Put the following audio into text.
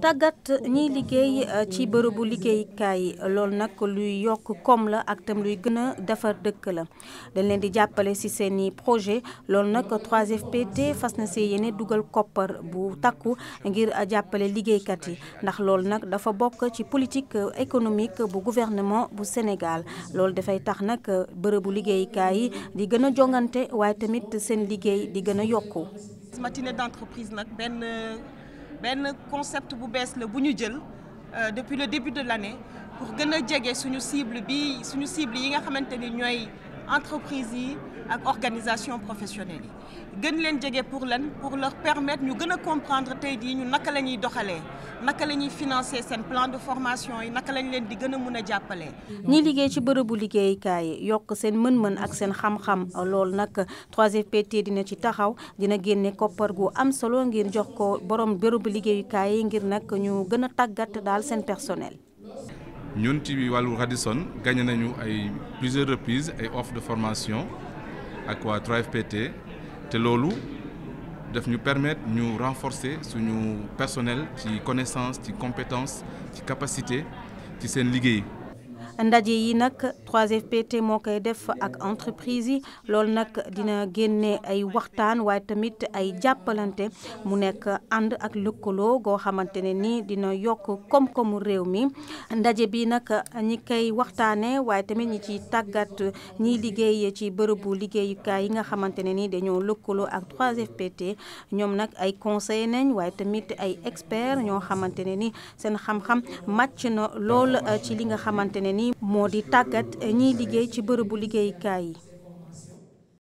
tàggat ñiy liggéey euh, ci bërëbu liggéeykaay lool nag luy yokk koom la ak tam luy gën a defar dëkk la dañ leen di jàppale ci seeni projet loolu nag 3FPT fas na see yéene dugal koppar bu takku ngir jàppale liggéeykat yi ndax loolu nag dafa bokk ci politique euh, économique bu gouvernement bu Sénégal loolu dafay tax nag euh, bërëbu liggéeykaay yi di gën a jongante waaye tamit seen liggéey di gën a yokku benn concept bu bees la bu ñu jël euh, depuis le début de l'année pour gën a jege suñu cible bi suñu cible yi nga xamante ni ñooy entreprise yi ak organisation professionnelle yi gën leen jege pour lan pour leur permettre ñu gën a comprendre tey jii ñu naka la ñuy doxalee naka la ñuy financer seen plan de formation yi naka lañ leen di gën a mun a jàppalee. ñi liggéey ci bërëbu liggéeyukaay yi yokk seen mën-mën ak seen xam-xam loolu nag 3 pt dina ci taxaw dina génne koppar gu am solo ngir jox ko borom bërëbu liggéeyukaay yi ngir nag ñu gën a tàggat daal seen personnel. ñun ci wàllu Radisson gagné nañu ay plusieurs reprises ay offres de formation ak waa 3FPT te loolu daf ñu permettre ñu renforcer suñu personnel ci connaissance ci compétence ci capacité ci seen liggéey. ndaje yi nag 3FPT moo koy def ak entreprise yi loolu nag dina génne ay waxtaan waaye tamit ay jàppalante mu nekk ànd ak lëkkaloo goo xamante ne ni dina yokk koom-koomu réew mi ndaje bi nag ñi koy waxtaane waaye tamit ñi ci tàggat ñiy liggéeyee ci bërëbu liggéeyukaay yi nga xamante ne ni dañoo lëkkaloo ak 3FPT ñoom nag ay conseil nañ waaye tamit ay expert ñoo xamante ne ni seen xam-xam màcc na lool ci li nga xamante ni moo di tàggat ñuy liggéey ci bërëbu liggéeykaay yi.